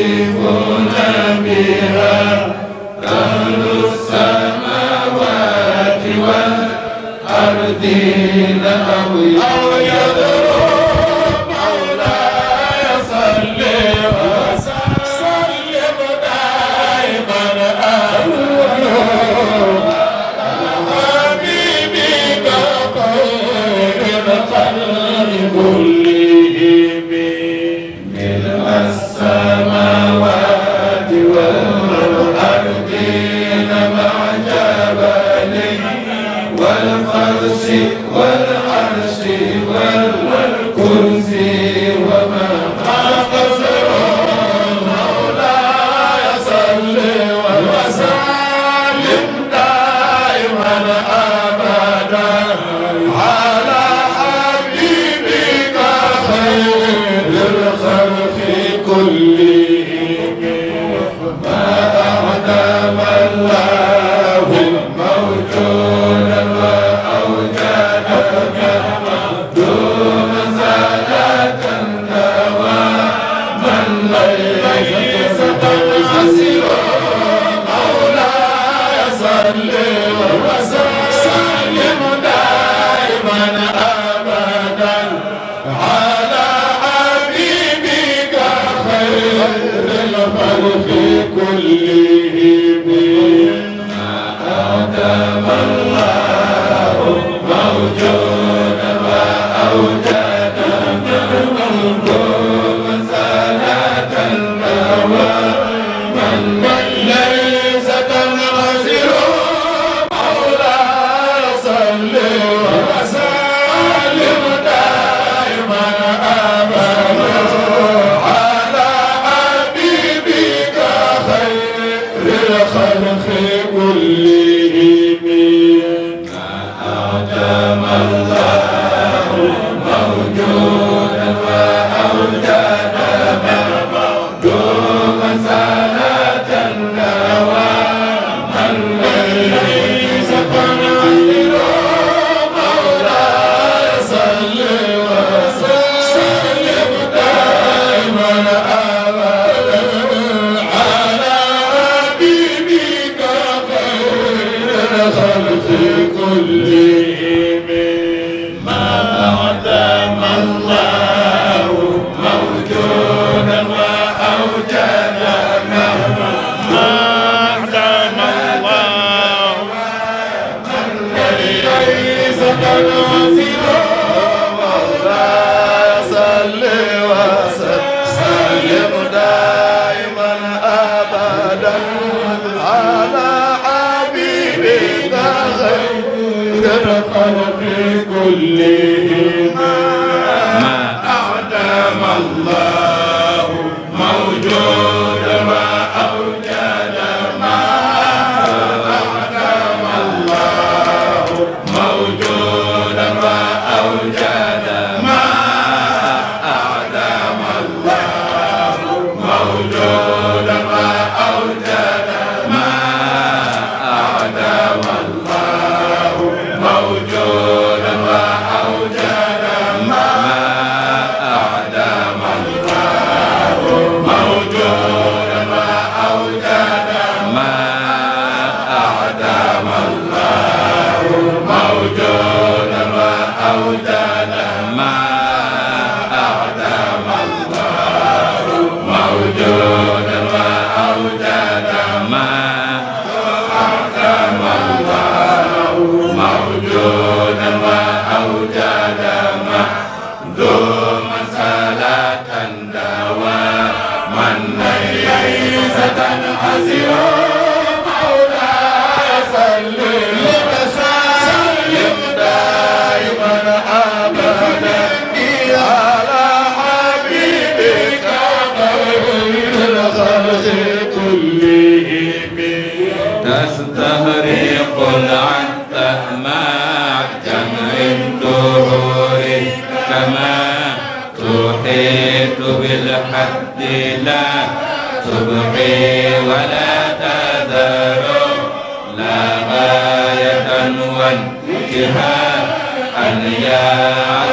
S6: Yeah. la a
S9: بها أنيا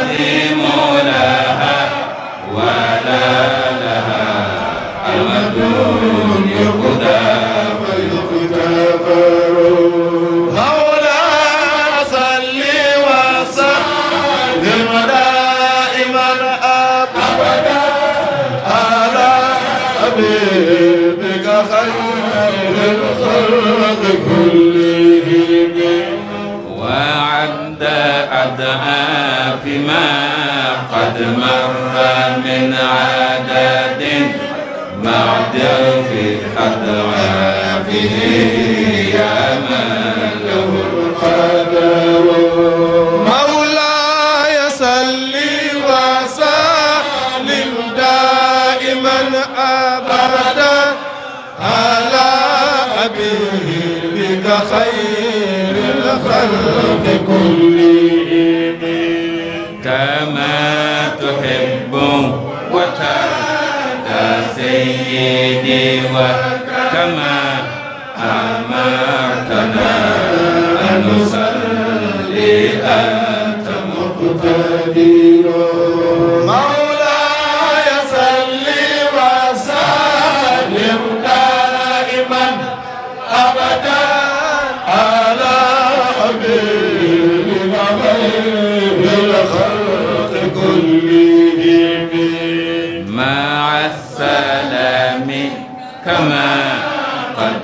S9: ما قد مر من عدد بعد في أطرافه يا من
S6: له القدر مولاي صلي وسلم دائما أبدا على أبيه بك خير الخلق
S9: كلهم كما تحب وترضى سيدي وكما أمرتنا أن نصلي أنت مقتدر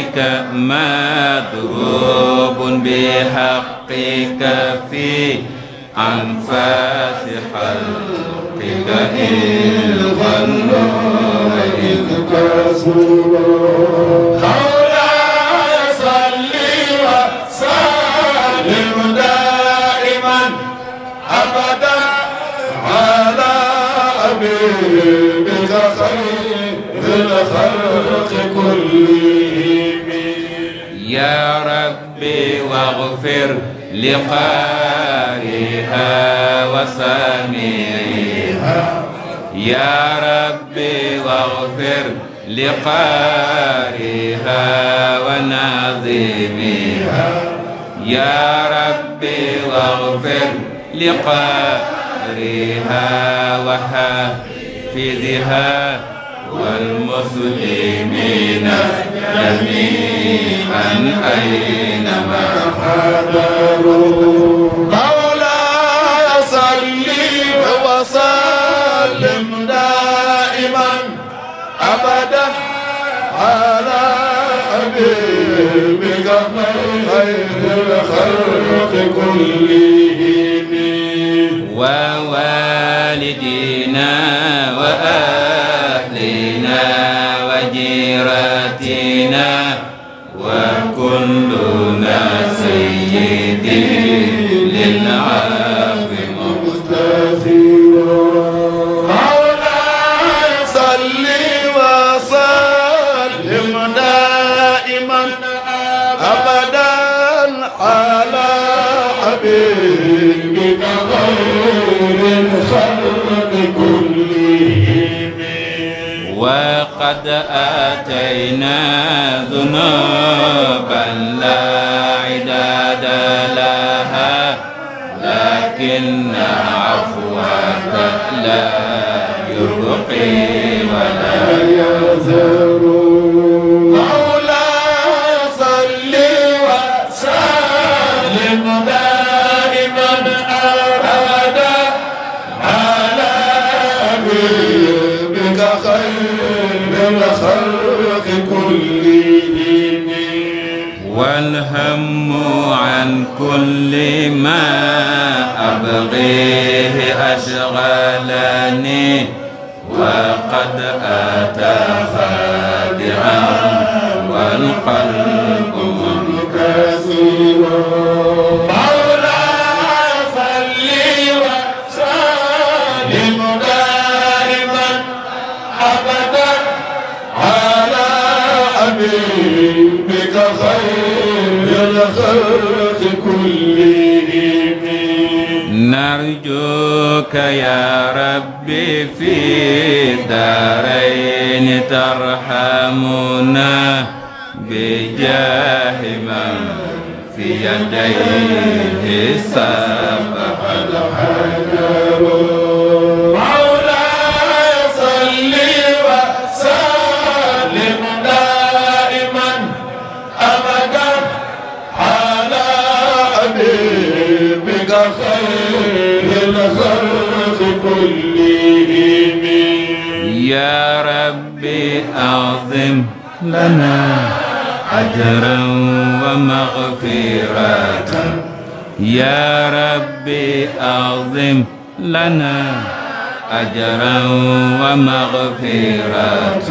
S9: بحقك مدروب بحقك في أنفاس خلقك إن غنوا إذ
S6: كسروا بك خير
S9: الخلق يا ربي واغفر لقارئها وسامعها يا ربي واغفر لقارئها وناظميها يا ربي واغفر لقارئها وحافظها والمسلمين جميعا أينما
S6: حضروا مولاي
S7: صل وسلم
S6: دائما أبدا على حبيبك خير الخلق
S9: كلهم ووالدينا وآبائنا قد آتينا ذنوبا لا عداد لها لكن عفوك لا يبقي ولا
S6: يزول
S9: كل ما أبغيه أشغلني وقد أتى خادعا والقلب
S6: منكسر حبيبك خير
S4: الخلق كلهم
S9: نرجوك يا ربي في دارين ترحمنا بجاه من في يديه سبح
S6: الحجر
S9: لنا
S4: أجرا
S9: ومغفرة يا ربي أعظم لنا أجرا ومغفرة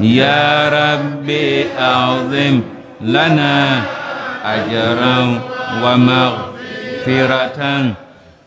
S9: يا ربي أعظم لنا أجرا ومغفرة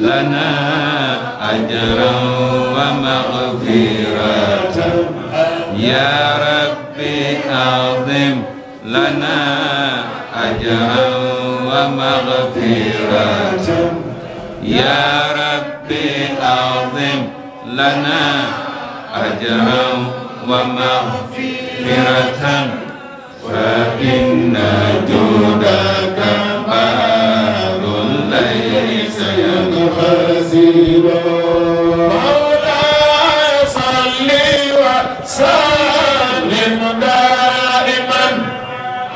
S9: لنا أجرا ومغفرة يا ربي أعظم لنا أجرا ومغفرة يا ربي أعظم لنا أجرا ومغفرة فإن جودك بارك
S6: ليس خسيرا مولاي صل وسلم دائما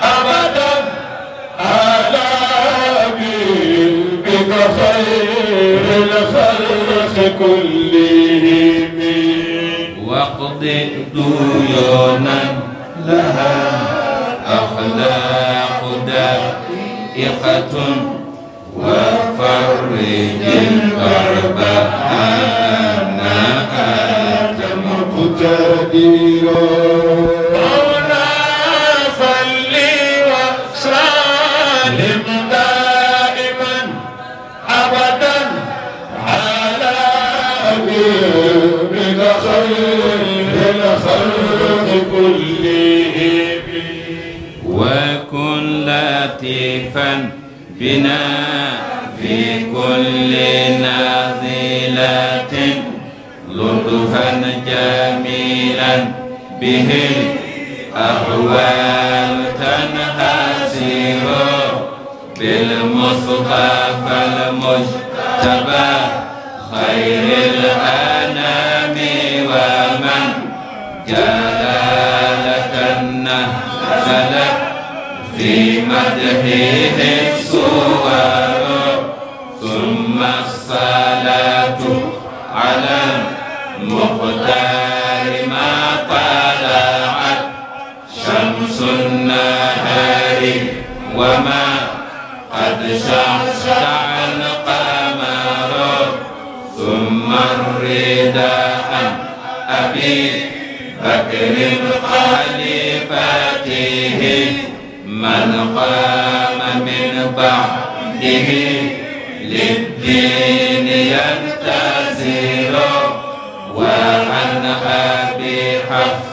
S6: ابدا على حبيبك خير الخلق
S9: كلهم واقض ديونا لها اخلاق دائقه وفرج الكرب عنا أنت مقتدر
S6: مولا صل وسلم دائما أبدا على أبيك
S9: خير الخلق كلهم وكن لطيفا بنا به الأحوال تنهزه بالمصطفى المجتبى خير الأنام ومن جلالة نهزلت في مدحه الصور ثم الصلاة على المقتدى النهار وما قد شعشع القمر ثم الرداء أبي بكر خليفته من قام من بعده للدين ينتزل وعن أبي حفص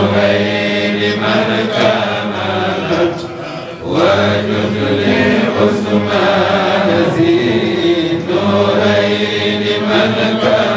S6: القومين من كملت وجد لحسن نورين من كملت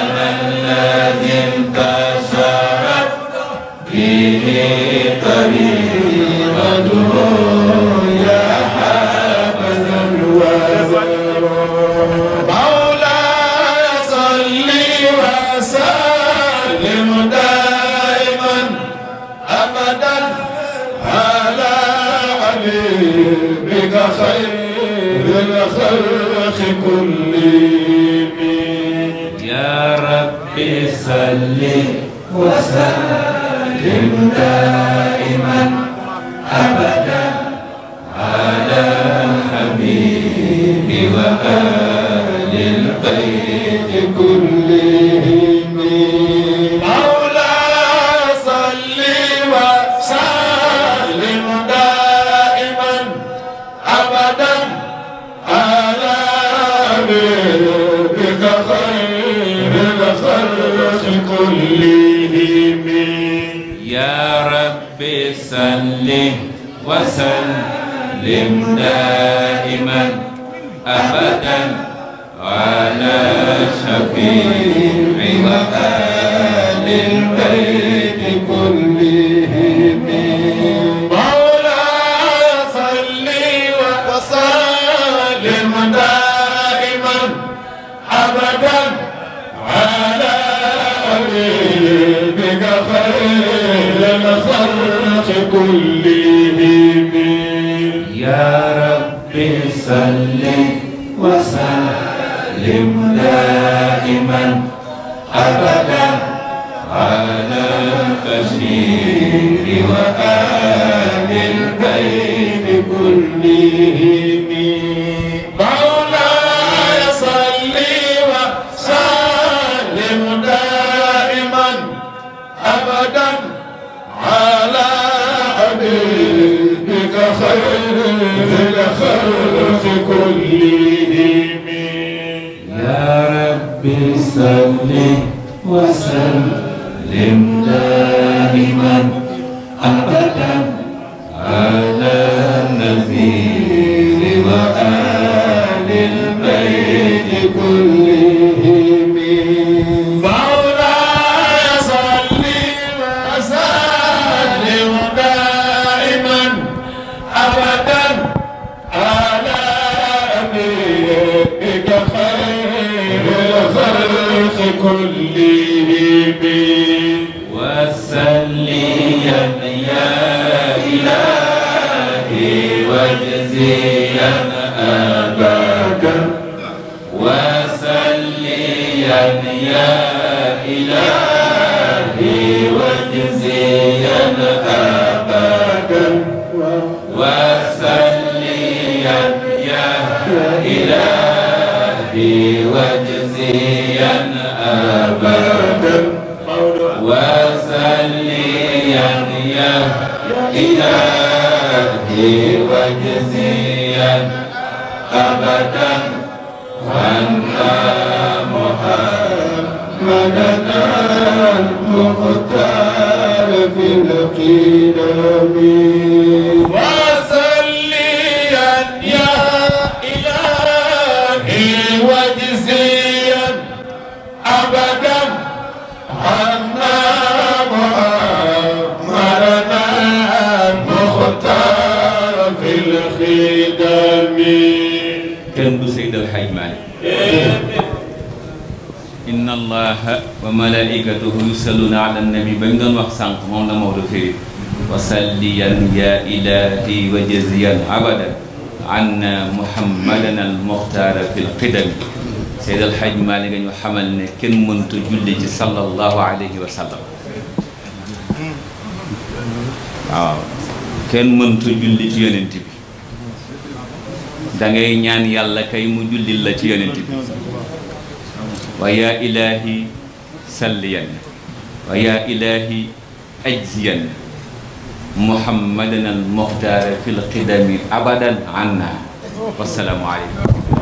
S4: كل مين
S9: يا رب صل وسلم دائما وسلم دائما أبدا على شفيع وآل البيت
S4: كلهم مولاي صل وسلم دائما
S6: أبدا على حبيبك
S4: خير الخلق كلهم يا ربي صل وسلم
S9: دائما Bhagavatam أجمعين إن الله وملائكته يصلون على النبي بندن وحسن قمون مولو فيه وصليا يا إلهي وجزيا عبدا عنا محمدا المختار في القدم سيد الحاج مالك ñu xamal ne kenn mënta julli ci sallallahu alayhi wa sallam waaw kenn mënta dangay ñaan yàlla kay mu jullil la ci yonenti bi wa ya ilahi salliyan wa ya ilahi ajziyan muhammadan al muhtar fil qidami abadan anna wassalaamu alaykum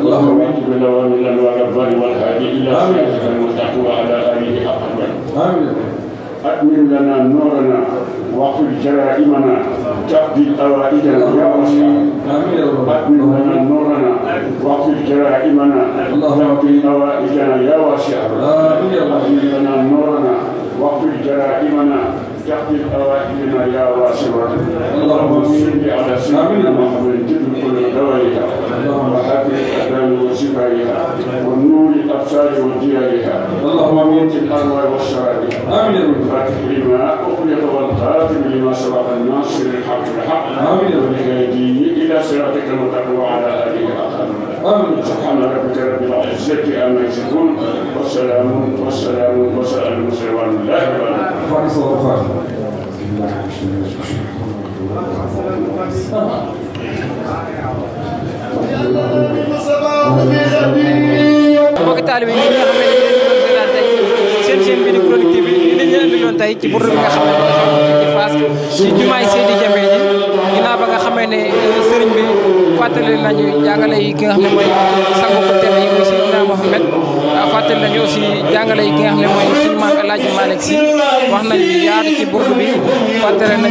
S4: Allahumma sholli ala sayyidina Muhammadin wa ala ali Muhammadin وعافية الأكرام وشفائها والنور الأبصار وجيالها اللهم من الأنواع والشرائع آمين الفاتح لما أغلق والخاتم لما سبق الناصر الحق بالحق آمين والهادي إلى صراطك المتقين وعلى آله آمين سبحان ربك رب العزة عما يصفون والسلام والسلام والسلام المسلم الله الله فارس بسم
S2: mbokki taalibe yi nga xam ne dañu leen doon seetaan tey seen bi di Chronique TV bi dañu leen indiloon tey ci burdu bi nga xam ne moo xew jumaay Seydi Jamil ji ginnaaw ba nga xamee ne euh, sëriñ bi fàttali nañu jàngale yi ki nga xam ne mooy sangu ko tedd yi muy Seydina fàttali nañu aussi jàngale yi ki nga xam ne mooy suñu maam El Hadj Malick Sy wax nañu yaatu ci burdu bi fàttali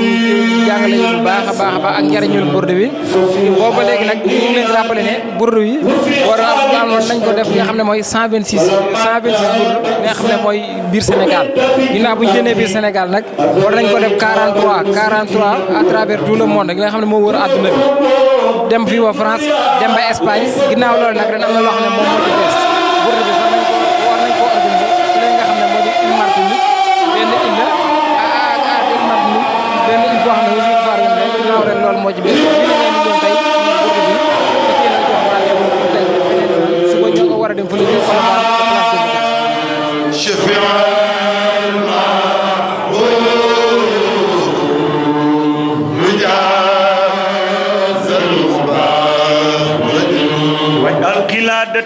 S2: jàngale yi bu baax a baax a baax ak njariñul burdu bi booba léegi nag ñu ngi leen ne burdu yi war a daanoon nañ ko def li nga xam ne mooy 126 126 burdu li nga ne mooy biir Sénégal ginnaaw bu ñu génnee biir Sénégal nag war nañ ko def 43 43 à travers tout le monde nga xam ne moo wër àdduna bi dem fii wa France dem ba Espagne ginnaaw loolu nag ren na loo xam ne moom moo ci boo xam ne mosu ñu faar woon rek daaw ren loolu moo ci bees tey suba ñu ko war a dem fële ci Colobane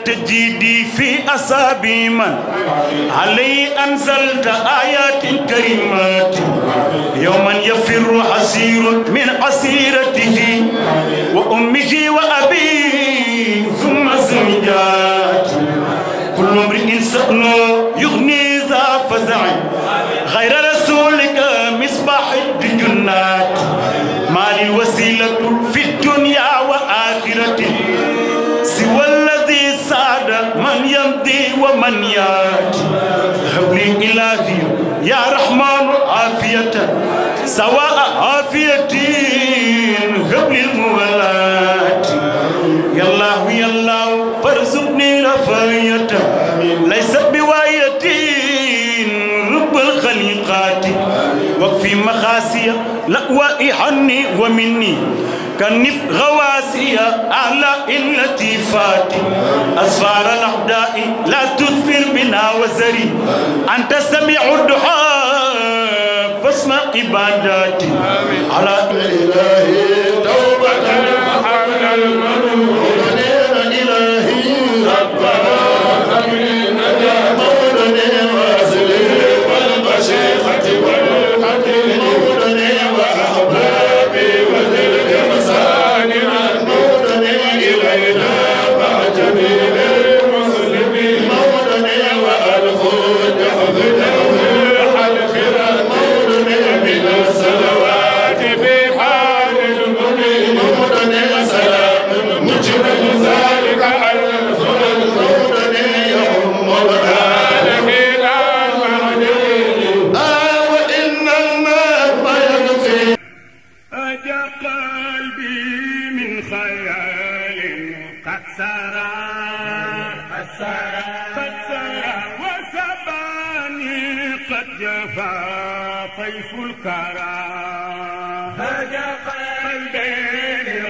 S1: تجيدي في أصابي من علي أنزلت آيات كريمات يوما يفر حسير من أسيرته وأمه وأبيه ثم زوجاته كل امرئ سأل يغني ذا فزع غير رسولك مصباح الجنات ما وسيلة في الدنيا وآخرته سوى الذي ساد من يمضي ومن ياتي هب لي إلهي يا رحمن عافية سواء عافية قبل الموالات يا الله يا الله فارزقني رفاية ليست بواية رب الخليقات وفي مخاسية لأواء عني ومني كنف أهلا أعلى اللطيفات أسفار الأحداء لا تثير بنا وزري أنت سميع الدحاء حسن عبادتي على الإله توبة وحمل المنون إلهي
S6: ربنا أمين نجاة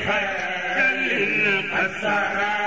S1: न